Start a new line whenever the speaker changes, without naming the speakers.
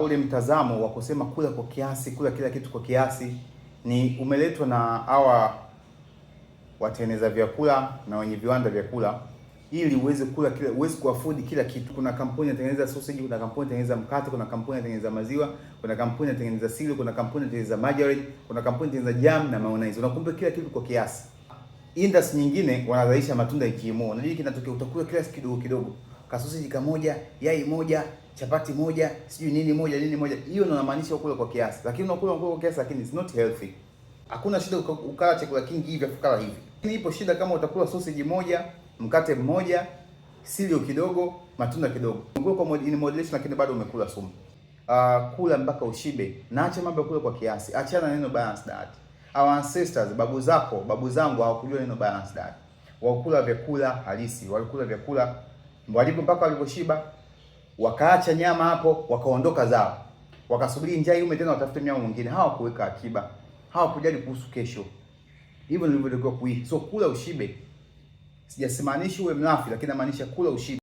Ule mtazamo wa kusema kula kwa kiasi, kula kila kitu kwa kiasi ni umeletwa na hawa watengeneza vyakula na wenye viwanda vyakula, ili uweze kula kila, uweze kuafodi kila kitu. Kuna kampuni inatengeneza sausage, kuna kampuni inatengeneza mkate, kuna kampuni inatengeneza maziwa, kuna kampuni inatengeneza sili, kuna kampuni inatengeneza margarine, kuna kampuni inatengeneza jam na mayonnaise. Unakumbuka kila kitu kwa kiasi. Industry nyingine wanazalisha matunda ya GMO. Unajua kinatokea, utakula kila kidogo kidogo kasosiji kamoja, yai moja, chapati moja, sijui nini moja, nini moja. Hiyo ndio inamaanisha ukule kwa kiasi. Lakini unakula kwa kiasi lakini it's not healthy. Hakuna shida ukala chakula kingi hivi ukala hivi. Lakini ipo shida kama utakula sausage moja, mkate mmoja, silio kidogo, matunda kidogo. Ungekuwa kwa mod in moderation lakini bado umekula sumu. Uh, kula mpaka ushibe. Na acha mambo ya kula kwa kiasi. Achana neno balanced diet. Our ancestors, babu zako, babu zangu hawakujua neno balanced diet. Walikula vyakula halisi, walikula vyakula mwalimu mpaka waliposhiba, wakaacha nyama hapo, wakaondoka zao, wakasubiri njaa iume tena watafute mnyama mwingine. Hawakuweka akiba, hawakujali kuhusu kesho. Hivyo ndivyo ilivyokuwa kuishi. So kula ushibe, sijasimaanishi uwe mlafi, lakini namaanisha kula ushibe.